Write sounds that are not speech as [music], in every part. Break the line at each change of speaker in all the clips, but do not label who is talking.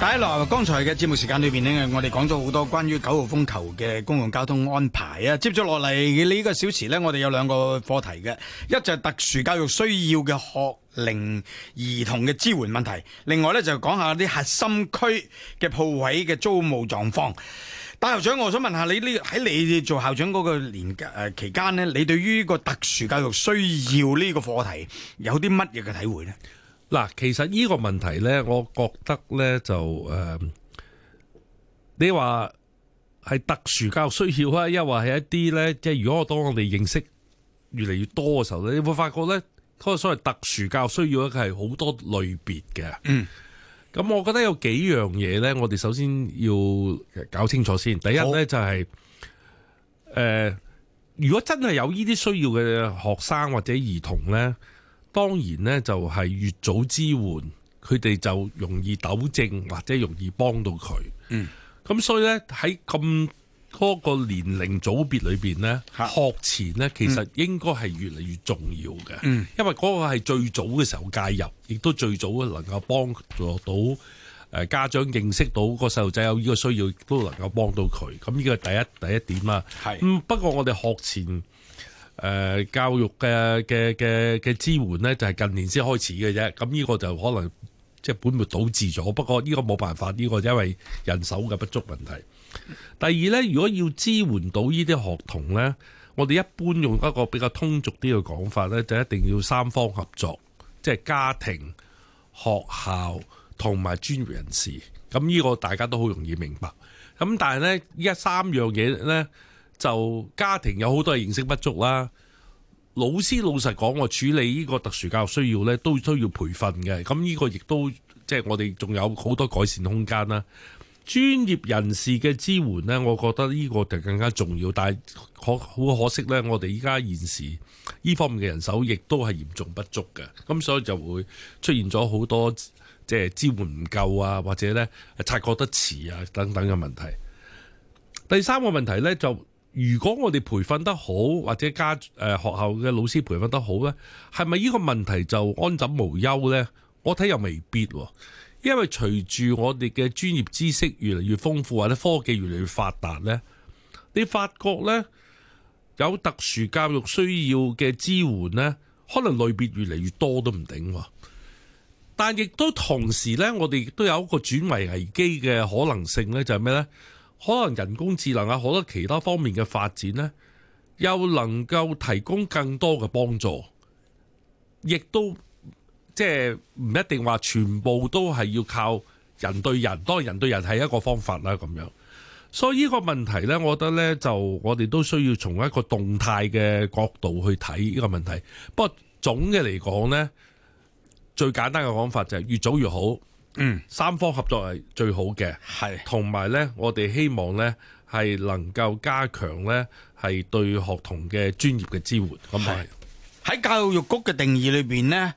繼續落，剛才嘅節目時間裏邊呢，我哋講咗好多關於九號風球嘅公共交通安排啊。接咗落嚟呢個小時呢，我哋有兩個課題嘅，一就係特殊教育需要嘅學齡兒童嘅支援問題，另外呢，就講下啲核心區嘅鋪位嘅租務狀況。大校長，我想問下你呢，喺你做校長嗰個年誒、呃、期間呢，你對於個特殊教育需要呢個課題有啲乜嘢嘅體會呢？嗱，其實呢個問題呢，我覺得呢，就、
嗯、誒，你話係特殊教育需要啊，亦或係一啲呢。即係如果當我哋認識越嚟越多嘅時候呢，你會發覺呢，嗰個所謂特殊教育需要呢係好多類別嘅。嗯，咁我覺得有幾樣嘢呢，我哋首先要搞清楚先。第一呢，好就係、是，誒、呃，如果真係有呢啲需要嘅學生或者兒童呢。當然咧，就係越早支援，佢哋就容易糾正，或者容易幫到佢。嗯，咁所以咧，喺咁嗰個年齡組別裏邊咧，的學前咧其實應該係越嚟越重要嘅。嗯，因為嗰個係最早嘅時候介入，亦都最早能夠幫助到誒、呃、家長認識到個細路仔有呢個需要，都能夠幫到佢。咁呢個第一，第一點喇。係的。嗯，不過我哋學前。誒教育嘅嘅嘅嘅支援呢，就係近年先開始嘅啫。咁呢個就可能即係本末倒置咗。不過呢個冇辦法，呢個因為人手嘅不足問題。第二呢，如果要支援到呢啲學童呢，我哋一般用一個比較通俗啲嘅講法呢，就一定要三方合作，即係家庭、學校同埋專業人士。咁呢個大家都好容易明白。咁但係呢，依家三樣嘢呢。就家庭有好多係認識不足啦，老師，老實講，我處理呢個特殊教育需要呢，都需要培訓嘅。咁呢個亦都即係、就是、我哋仲有好多改善空間啦。專業人士嘅支援呢，我覺得呢個就更加重要。但係可好可惜呢，我哋依家現時呢方面嘅人手亦都係嚴重不足嘅。咁所以就會出現咗好多即係、就是、支援唔夠啊，或者呢察覺得遲啊等等嘅問題。第三個問題呢，就。如果我哋培訓得好，或者家誒學校嘅老師培訓得好呢，係咪呢個問題就安枕無憂呢？我睇又未必，因為隨住我哋嘅專業知識越嚟越豐富，或者科技越嚟越發達呢，你發覺呢，有特殊教育需要嘅支援呢，可能類別越嚟越多都唔定。但亦都同時呢，我哋亦都有一個轉為危機嘅可能性、就是、呢，就係咩呢？可能人工智能啊，好多其他方面嘅發展咧，又能夠提供更多嘅幫助，亦都即係唔一定話全部都係要靠人對人，當然人對人係一個方法啦，咁樣。所以呢個問題咧，我覺得咧，就我哋都需要從一個動態嘅角度去睇呢個問題。不過總嘅嚟講咧，最簡單嘅講法就係越早越好。嗯，三方合作係最好嘅，係同埋咧，我哋希望咧係能夠加強咧，係對學童嘅專業嘅支援。咁係
喺教育局嘅定義裏邊呢，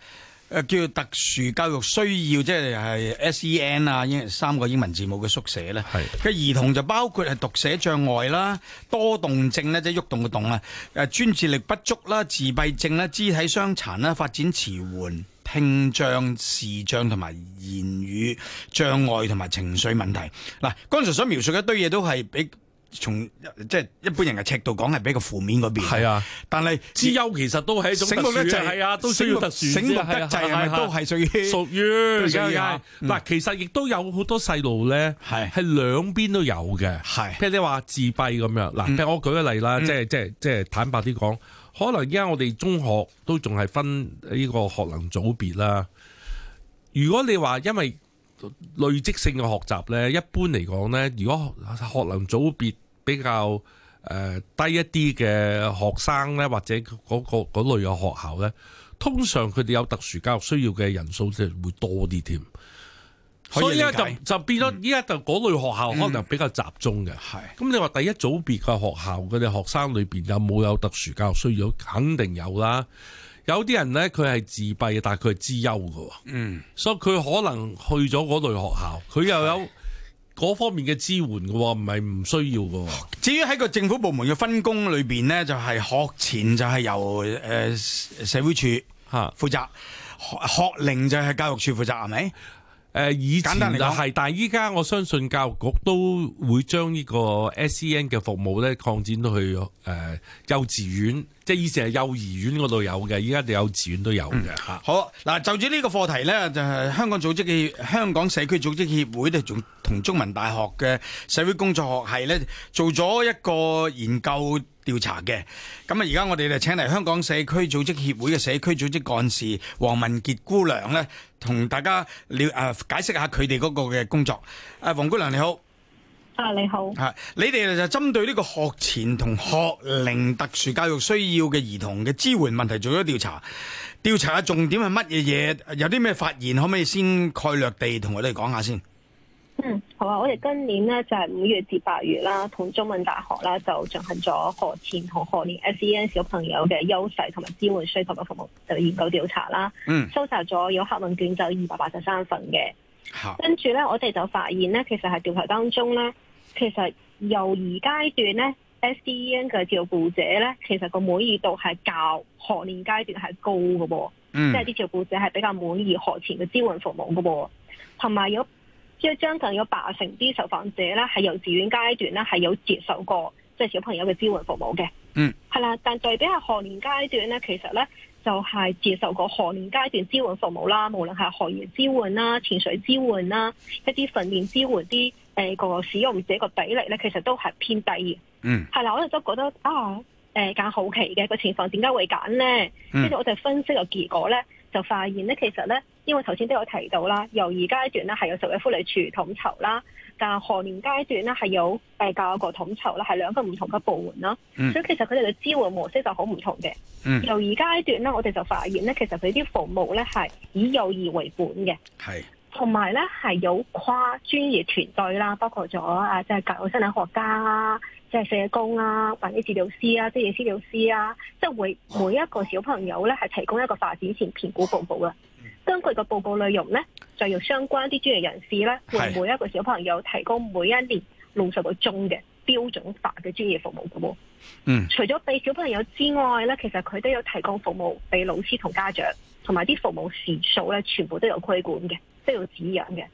誒，叫特殊教育需要，即係係 SEN 啊，三個英文字母嘅縮寫咧。係嘅是兒童就包括係讀寫障礙啦、多動症咧，即係喐動嘅動啊、誒專注力不足啦、自閉症啦、肢體傷殘啦、發展遲緩。聽障、視障同埋言語障礙、同埋情緒問題。嗱，剛才所描述一堆嘢都係比從即係一般人嘅尺度講係比較負面嗰邊，係啊。但係資優其實都係一種特殊嘅，係啊，都需要特殊。醒目得滯係咪都係屬於？屬於。嗱，其實亦都有好多細
路咧，係係兩邊都有嘅，係。譬如你話自閉咁樣，嗱，譬如我舉個例啦，即係即係即係坦白啲講。可能而家我哋中學都仲係分呢個學能組別啦。如果你話，因為累積性嘅學習呢，一般嚟講呢，如果學能組別比較誒低一啲嘅學生呢，或者嗰個類嘅學校呢，通常佢哋有特殊教育需要嘅人數就會多啲添。以所以呢，就就變咗，而家就嗰類學校可能比較集中嘅。係。咁你話第一組別嘅學校，佢哋學生裏邊有冇有特殊教育需要？肯定有啦。有啲人咧，佢係自閉嘅，但係佢係資優嘅。嗯。所以佢可能去咗嗰類學校，佢又有
嗰方面嘅支援嘅，唔係唔需要喎。至於喺個政府部門嘅分工裏邊咧，就係、是、學前就係由誒社會處吓負責，學齡就係教育處負責係咪？是誒，以前就係，但係依
家我相信教育局都會將呢個 SEN 嘅服務咧擴展到去誒、呃、幼稚園，即係以前係幼兒園嗰度有嘅，依家啲幼稚園都有
嘅吓、嗯。好，嗱，就住呢個課題咧，就係香港組織協香港社區組織協會咧，仲同中文大學嘅社會工作學系咧做咗一個研究。調查嘅，咁啊，而家我哋就請嚟香港社區組織協會嘅社區組織幹事黃文杰姑娘咧，同大家了誒解釋下佢哋嗰個嘅工作。誒，黃姑娘你好，啊你好，你哋就針對呢個學前同學齡特殊教育需要嘅兒童嘅支援問題做咗調查，調查下重點係乜嘢嘢？有啲咩發現？可唔可以先概略地同我哋講下先？
嗯，好啊！我哋今年咧就係、是、五月至八月啦，同中文大學啦就進行咗學前同學年 SEN 小朋友嘅優勢同埋支援需求嘅服務嘅研究調查啦。嗯，收集咗有客問卷就二百八十三份嘅。跟住咧，我哋就發現咧，其實係調查當中咧，其實幼兒階段咧 SEN 嘅照顧者咧，其實個滿意度係較學年階段係高嘅噃。嗯、即係啲照顧者係比較滿意學前嘅支援服務嘅
噃，
同埋有。要將近有八成啲受訪者咧，喺幼稚園階段咧係有接受過即係、就是、小朋友嘅支援服務嘅。
嗯，
係啦，但對比係學齡階段咧，其實咧就係、是、接受過學齡階段支援服務啦，無論係學業支援啦、情緒支援啦、一啲訓練支援啲誒、欸、個使用者個比例咧，其實都係偏低嘅。嗯，係啦，我哋都覺得啊誒，揀、欸、好奇嘅個情況點解會揀呢？跟住、嗯、我哋分析個結果咧，就發現咧，其實咧。因為頭先都有提到啦，幼兒階段咧係有社會福利處統籌啦，但係學齡階段咧係有誒、呃、教育局統籌啦，係兩個唔同嘅部門啦。嗯、所以其實佢哋嘅支援模式就好唔同嘅。嗯。幼兒階段咧，我哋就發現咧，其實佢啲服務咧係以幼兒為本嘅。係是。同埋咧係有跨專業團隊啦，包括咗啊，即、就、係、是、教育心理學家啦，即、就、係、是、社工啦、物理治療師啊、職業治療師啊，即係每每一個小朋友咧係提供一個發展前評估服務嘅。根據個報告內容咧，就由相關啲專業人士咧，為每一個小朋友提供每一年六十個鐘嘅標準化嘅專業服務咁喎。嗯，除咗俾小朋友之外咧，其實佢都有提供服務俾老師同家長，同埋啲服務時數咧，全部都有規管嘅，都要指引嘅。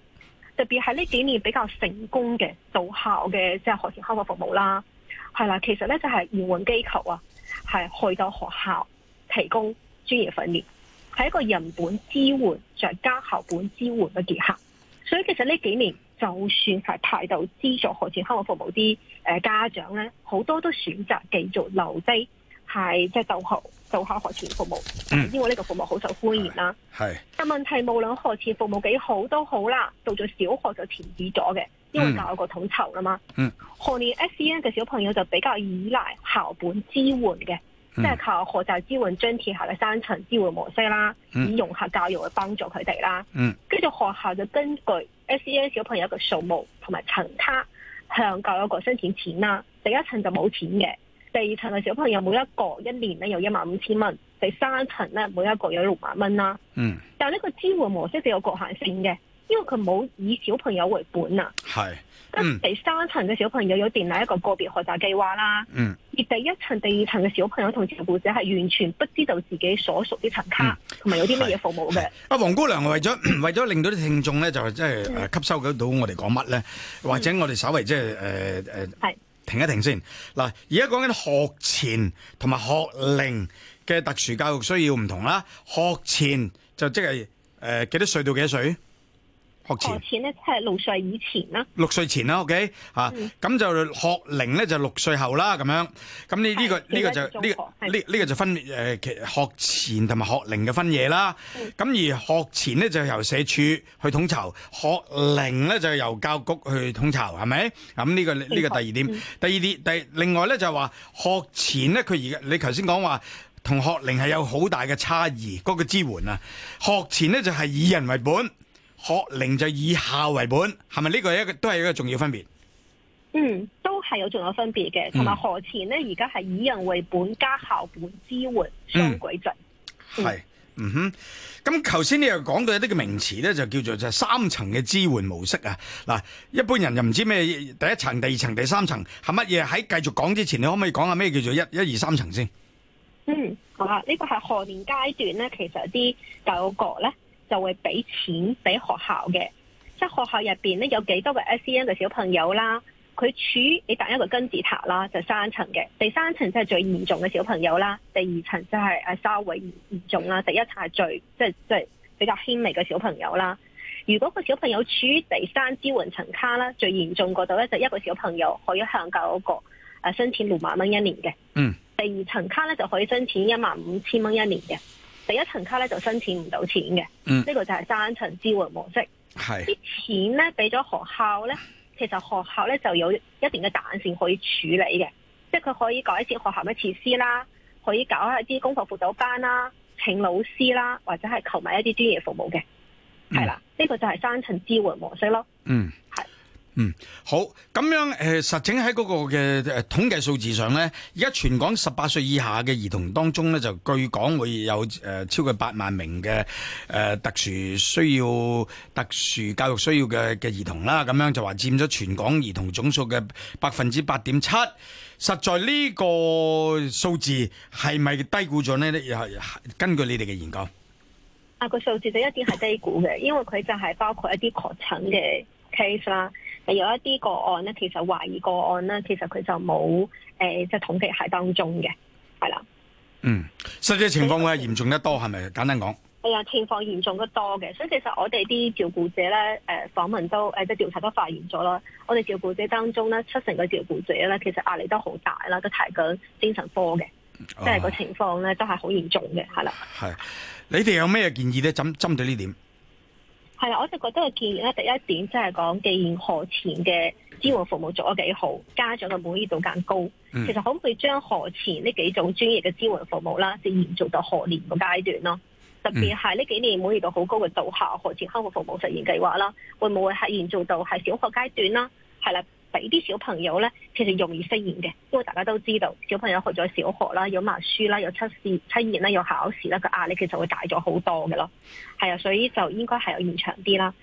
特別係呢幾年比較成功嘅到校嘅即係學前康復服務啦，係啦，其實咧就係延緩機構啊，係去到學校提供專業訓練。係一個人本支援，再加校本支援嘅結合。所以其實呢幾年，就算係派到資助學前康復服務啲誒家長咧，好多都選擇繼續留低，係即係逗號，就學、是、學前服務。嗯，因為呢個服務好受歡迎啦。係、嗯。但問題無論學前服務幾好都好啦，到咗小學就停止咗嘅，因為教育局統籌啦嘛、嗯。嗯。學齡 S E N 嘅小朋友就比較依賴校本支援嘅。嗯、即係靠學習支援張鐵下嘅三層支援模式啦，以融合教育去幫助佢哋啦。跟住、嗯嗯、學校就根據 SEN 小朋友嘅數目同埋層卡，向教育局申請錢啦。第一層就冇錢嘅，第二層嘅小朋友每一個一年咧有一萬五千蚊，第三層咧每一個有六萬蚊啦。嗯，但係呢個支援模式就有局限性嘅。因為佢冇以小朋友為本啊，係得、嗯、第三層嘅小朋友有建立一個個別學習計劃啦，嗯，而第一層、第二層嘅小朋友同照顧者係完全不知道自己所屬呢層卡，同埋、嗯、有啲乜嘢服務
嘅。阿黃、啊、姑娘為咗為咗令到啲聽眾咧，就即係吸收得到我哋講乜咧，或者我哋稍微即係誒誒，係、呃、停一停先嗱。而家講緊學前同埋學齡嘅特殊教育需要唔同啦。學前就即係誒幾多歲到幾多歲？學前
呢，
即係六歲以前啦，六歲前啦，OK、嗯、啊，咁就學齡咧就六歲後啦，咁樣，咁你呢個呢是個就呢個呢呢個就分誒其、呃、學前同埋學齡嘅分野啦。咁、嗯、而學前咧就由社署去統籌，學齡咧就由教局去統籌，係咪？咁呢，這個呢學個第二點，第二啲第另外咧就係話學前咧佢而家你頭先講話同學齡係有好大嘅差異，嗰、嗯、個支援啊，學前咧就係、是、以人為本。學齡就以校為本，係咪呢個係一個都係一個重要分別？嗯，
都係有重要分別嘅，同埋學前咧，而家係以人為本加校本支援雙、嗯、軌制。係、嗯，
嗯哼。咁頭先你又講到一啲嘅名詞咧，就叫做就三層嘅支援模式啊。嗱，一般人又唔知咩第一層、第二層、第三層係乜嘢。喺繼續講之前，你可唔可以講下咩叫做一、一二、三層先？嗯，好啊，這
個、是呢個係學齡階段咧，其實啲教育局咧。就會俾錢俾學校嘅，即係學校入邊咧有幾多個 SEN 嘅小朋友啦，佢處你搭一個金字塔啦，就三層嘅。第三層即係最嚴重嘅小朋友啦，第二層即係誒稍為嚴重啦，第一層係最即係即係比較輕微嘅小朋友啦。如果個小朋友處於第三支援層卡啦，最嚴重嗰度咧就一個小朋友可以向教嗰個誒申請六萬蚊一年嘅。嗯，第二層卡咧就可以申請一萬五千蚊一年嘅。第一層卡咧就申請唔到錢嘅，嗯、呢個就係三層支援模式。係啲是錢咧俾咗學校咧，其實學校咧就有一定嘅彈性可以處理嘅，即係佢可以改善學校嘅設施啦，可以搞一啲功課輔導班啦，請老師啦，或者係購買一啲專業服務嘅，
係啦、嗯，
呢個就係三層支援模式咯。嗯。
嗯，好咁樣誒、呃，實情喺嗰個嘅誒、呃、統計數字上咧，而家全港十八歲以下嘅兒童當中咧，就據講會有誒、呃、超過八萬名嘅誒、呃、特殊需要、特殊教育需要嘅嘅兒童啦。咁樣就話佔咗全港兒童總數嘅百分之八點七。實在呢個數字係咪低估咗呢？根據你哋嘅研究，啊、個數字就一定係低估嘅， [laughs] 因為佢
就係包括一啲確診嘅 case 啦。係有一啲個案咧，其實懷疑個案咧，其實佢就冇誒，即，呃、係統計喺當中嘅，係啦。嗯，
實際情況會係嚴重得多，係咪？簡單講，
係啊，情況嚴重得多嘅，所以其實我哋啲照顧者咧，誒、呃、訪問都誒，調、呃、查都發現咗咯。我哋照顧者當中咧，七成嘅照顧者咧，其實壓力都好大啦，都提緊精神科嘅，哦、即係個情況咧都係好嚴重嘅，係啦。
係，你哋有咩建議咧？針針對呢點？
係啊，我就覺得個建議咧，第一點即係講，既然學前嘅支援服務做得幾好，家長嘅滿意度更高，其實可唔可以將學前呢幾種專業嘅支援服務啦，延續到學齡個階段咯。特別係呢幾年滿意度好高嘅到校學前康復服務實驗計劃啦，會唔會係延續到係小學階段呢？係啦。俾啲小朋友咧，其實容易適應嘅，因為大家都知道小朋友去咗小學啦，有默書啦，有測試測驗啦，有考試啦，個壓力其實會大咗好多嘅咯。係啊，所以就應該係有延長啲啦。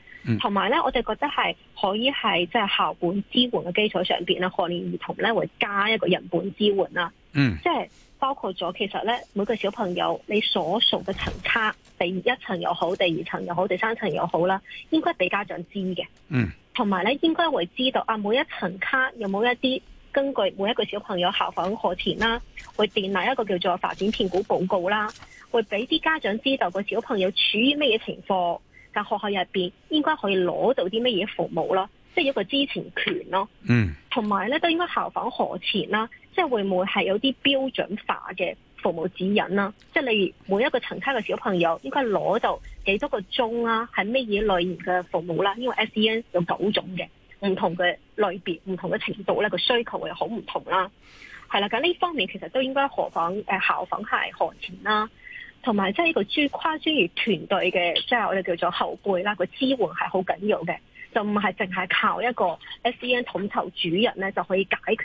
同埋咧，我哋覺得係可以喺即係校本支援嘅基礎上面咧，學齡兒童咧會加一個人本支援啦。嗯，即係包括咗其實咧每個小朋友你所屬嘅層差，第一層又好，第二層又好，第三層又好啦，應該俾家長知嘅。嗯。同埋咧，應該會知道啊，每一層卡有冇一啲根據每一個小朋友校訪學前啦、啊，會訂立一個叫做發展評估報告啦，會俾啲家長知道個小朋友處於咩嘢情況，但學校入面應該可以攞到啲咩嘢服務咯，即係有個知情權咯。嗯，同埋咧都應該校訪學前啦、啊，即係會唔會係有啲標準化嘅？服務指引啦、啊，即係例如每一個層級嘅小朋友應該攞到幾多個鐘啦、啊，係乜嘢類型嘅服務啦、啊？因為 S E N 有九種嘅唔同嘅類別，唔同嘅程度咧、啊、個需求係好唔同啦、啊。係啦，咁呢方面其實都應該何況誒、啊、效仿係學前啦、啊，同埋即係一個跨專業團隊嘅，即、就、係、是、我哋叫做後輩啦、啊，個支援係好緊要嘅，就唔係淨係靠一個 S E N 統籌主任咧就可以解決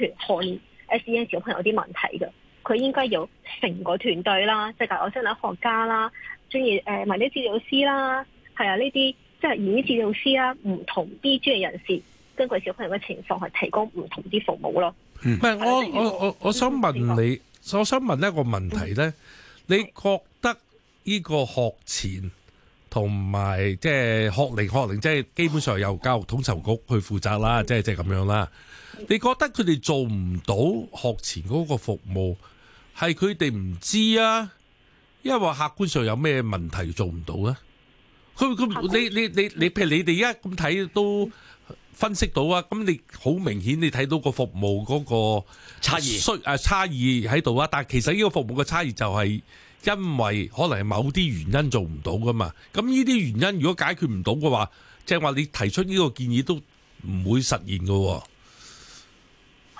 學 S E N 小朋友啲問題嘅。佢應該有成個團隊啦，即係教育心理學家啦，仲有誒物理治療師啦，係啊呢啲即係言語治療師啦，唔同啲專業人士根據小朋友嘅情況，去提供唔同啲服務咯。唔係、嗯啊就
是、我我我我想，我想問你，我想問一個問題咧，嗯、你覺得呢個學前同埋即係學齡學齡，即係基本上由教育統籌局去負責啦，即係即係咁樣啦。嗯、你覺得佢哋做唔到學前嗰個服務？係佢哋唔知啊，因為話客觀上有咩問題做唔到啊。佢佢觀你你你你，譬如你哋一咁睇都分析到啊，咁你好明顯你睇到服個，個服務嗰個差異，誒差異喺度啊！但係其實呢個服務嘅差異就係因為可能係某啲原因做唔到噶嘛。咁呢啲原因如果解決唔到嘅話，即係話你提出呢個建議都唔會實現噶、啊。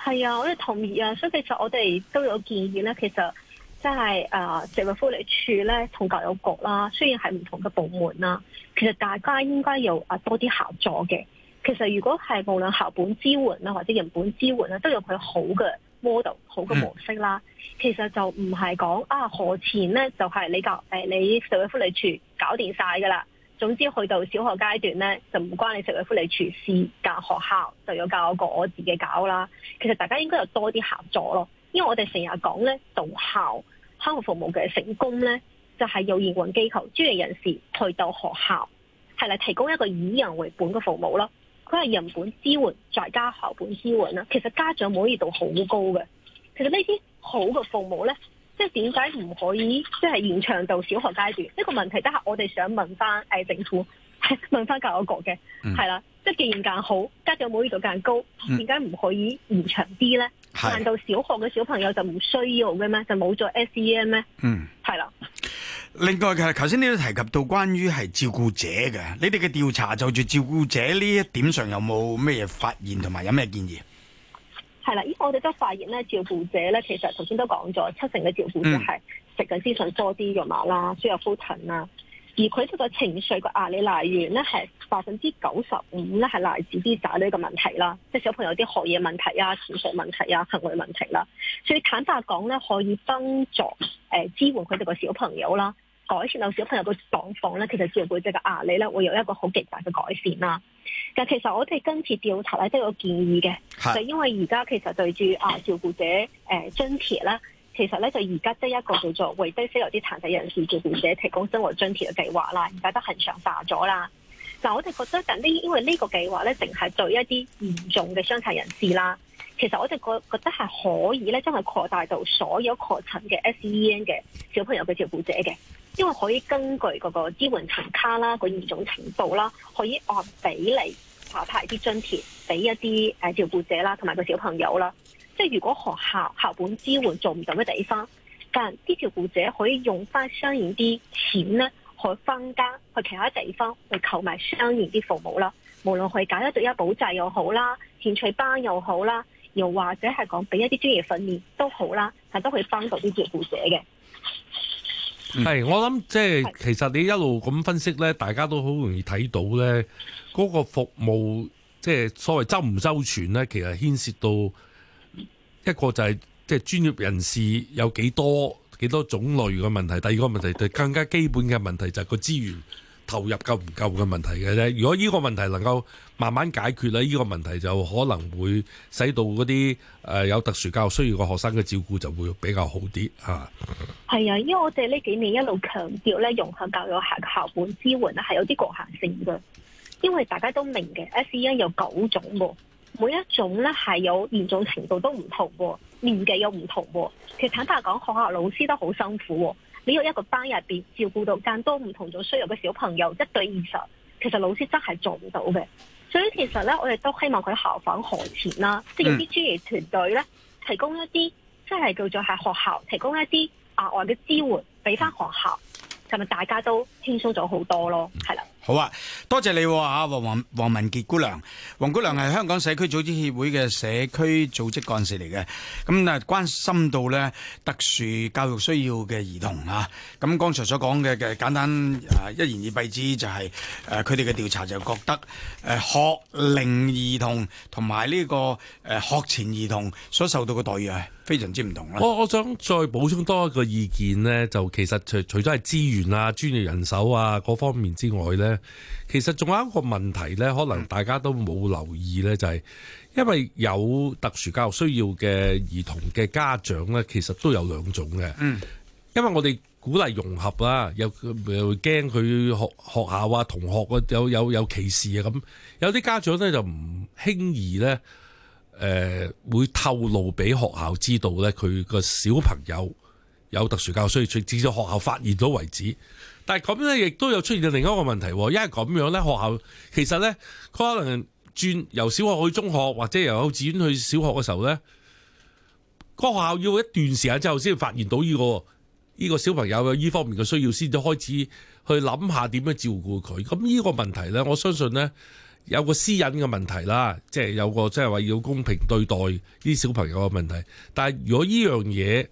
係啊，我都同意啊。所以其實我哋都有建議咧，其實即係誒，社、呃、會福利處咧同教育局啦，雖然係唔同嘅部門啦，其實大家應該要啊多啲合作嘅。其實如果係無論校本支援啦，或者人本支援啦，都有佢好嘅 model、好嘅模式啦，嗯、其實就唔係講啊，何前咧就係、是、你教誒，你社會福利處搞掂晒噶啦。總之去到小學階段咧，就唔關你食嘅福利廚師教學校，就有教個我，我自己搞啦。其實大家應該有多啲合作咯，因為我哋成日講咧，到校康復服務嘅成功咧，就係、是、有營運機構專業人士去到學校，係嚟提供一個以人為本嘅服務咯。佢係人本支援，再加校本支援啦。其實家長唔可以到好高嘅，其實呢啲好嘅服務咧。即係點解唔可以即係延長到小學階段？呢個問題，都係我哋想問翻誒政府，問翻教育局嘅，係啦、嗯，即係既然教好，家長冇呢度教高，點解唔可以延長啲咧？是的難道小學嘅小朋友就唔需要嘅咩？就冇咗 SEN 咩？嗯，
係啦的。另外其實，頭先你都提及到關於係照顧者嘅，你哋嘅調查就住照顧者呢一點上，有冇咩嘢發現同埋有咩建議？
係啦，因為我哋都發現咧，照顧者咧，其實頭先都講咗，七成嘅照顧者係食緊諮詢多啲藥物啦，需要服騰啦，而佢哋嘅情緒嘅壓力來源咧，係百分之九十五咧係來自啲仔女嘅問題啦，即係小朋友啲學業問題啊、情緒問題啊、行為問題啦。所以坦白講咧，可以幫助誒、呃、支援佢哋個小朋友啦，改善到小朋友嘅狀況咧，其實照顧者嘅壓力咧會有一個好極大嘅改善啦。但其實我哋今次調查咧都有建議嘅，是就因為而家其實對住啊照顧者誒、呃、津貼咧，其實咧就而家得一個叫做為低收入啲殘疾人士照顧者提供生活津貼嘅計劃啦，而家得恆常化咗啦。嗱，我哋覺得等呢，因為這個計劃呢個計劃咧，淨係對一啲嚴重嘅傷殘人士啦，其實我哋覺覺得係可以咧，將佢擴大到所有確診嘅 SEN 嘅小朋友嘅照顧者嘅。因為可以根據嗰個支援層卡啦，嗰嚴重程度啦，可以按比例下派啲津貼俾一啲誒照顧者啦，同埋個小朋友啦。即係如果學校校本支援做唔到嘅地方，但啲照顧者可以用翻相應啲錢咧，去分家去其他地方去購買相應啲服務啦。無論係搞一對一補習又好啦，興趣班又好啦，又或者係講俾一啲專業訓練都好啦，係都可以幫到啲照顧者嘅。
係、嗯，我諗即係其實你一路咁分析呢，大家都好容易睇到呢嗰、嗰個服務即係所謂周唔周全呢，其實牽涉到一個就係即係專業人士有幾多幾多種類嘅問題，第二個問題就更加基本嘅問題就係個資源。投入夠唔夠嘅問題嘅啫，如果呢個問題能夠慢慢解決咧，呢個問題就可能會使到嗰啲誒有特殊教育需要嘅學生嘅照顧就會比較好啲吓。
係啊，因為我哋呢幾年一路強調咧，融合教育校校本支援咧係有啲局限性嘅，因為大家都明嘅，SEN 有九種嘅，每一種咧係有嚴重程度都唔同，年紀又唔同。其實坦白講，學校老師都好辛苦。呢個一個班入面，照顧到咁多唔同種需要嘅小朋友，一對二十，其實老師真係做唔到嘅。所以其實咧，我哋都希望佢效仿校學前啦，即係啲專業團隊咧，提供一啲即係叫做喺學校提供一啲額外嘅支援，俾翻學校，就咪大家都輕鬆咗好多咯？係啦。
好啊，多謝你啊，黃黃黃文杰姑娘，黃姑娘係香港社區組織協會嘅社區組織幹事嚟嘅，咁啊關心到咧特殊教育需要嘅兒童啊，咁剛才所講嘅嘅簡單一言以蔽之就係，誒，佢哋嘅調查就覺得誒學齡兒童同埋呢個誒學前兒童所受到嘅待遇係非常之唔同啦。我我
想再補充多一個意見咧，就其實除除咗係資源啊、專業人手啊各方面之外咧。其實仲有一個問題呢，可能大家都冇留意呢，就係因為有特殊教育需要嘅兒童嘅家長呢，其實都有兩種嘅。嗯，因為我哋鼓勵融合啊，又驚佢學學校啊、同學啊有有有歧視啊，咁有啲家長呢，就唔輕易呢，誒會透露俾學校知道呢，佢個小朋友。有特殊教育需要，直至學校發現到為止。但係咁樣，亦都有出現到另一個問題，因為咁樣呢，學校其實呢可能轉由小學去中學，或者由幼稚園去小學嘅時候呢，個學校要一段時間之後先發現到呢個呢個小朋友有呢方面嘅需要，先至開始去諗下點樣照顧佢。咁呢個問題呢，我相信呢，有個私隱嘅問題啦，即係有個即係話要公平對待啲小朋友嘅問題。但係如果呢樣嘢，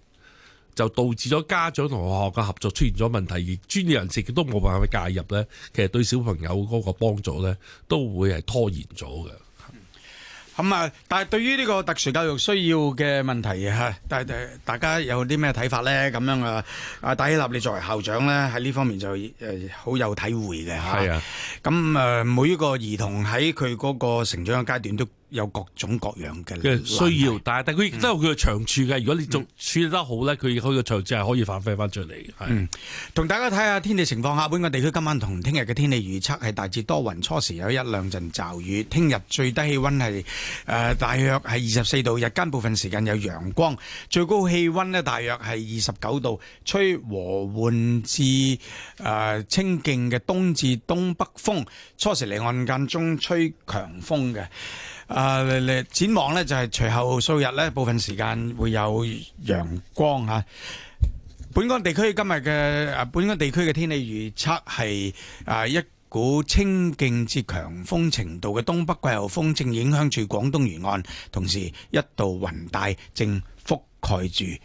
就導致咗家長同學校嘅合作出現咗問題，而專業人士都冇辦法介入咧，其實對小朋友嗰個幫助咧，都會係拖延咗嘅。
咁啊、嗯，但係對於呢個特殊教育需要嘅問題嚇，大大家有啲咩睇法咧？咁樣啊，阿戴希立，你作為校長咧喺呢方面就誒好有體會嘅嚇。係啊，咁誒、啊、每個兒童喺佢嗰個成長嘅階段都。有各種各樣嘅需
要，但係但佢亦都有佢嘅長處嘅。如果你仲、嗯、處理得好
咧，佢嗰個長處係可以發揮返出嚟嘅。同、嗯、大家睇下天氣情況下，下本港地區今晚同聽日嘅天氣預測係大致多雲，初時有一兩陣驟雨。聽日最低氣温係誒，大約係二十四度，日間部分時間有陽光，最高氣温呢大約係二十九度，吹和緩至誒、呃、清勁嘅東至東北風，初時離岸間中吹強風嘅。啊、uh, 展望咧，就係隨後數日咧，部分時間會有陽光吓。本港地區今日嘅本港地區嘅天氣預測係啊一股清勁至強風程度嘅東北季候風正影響住廣東沿岸，同時一道雲帶正覆蓋住。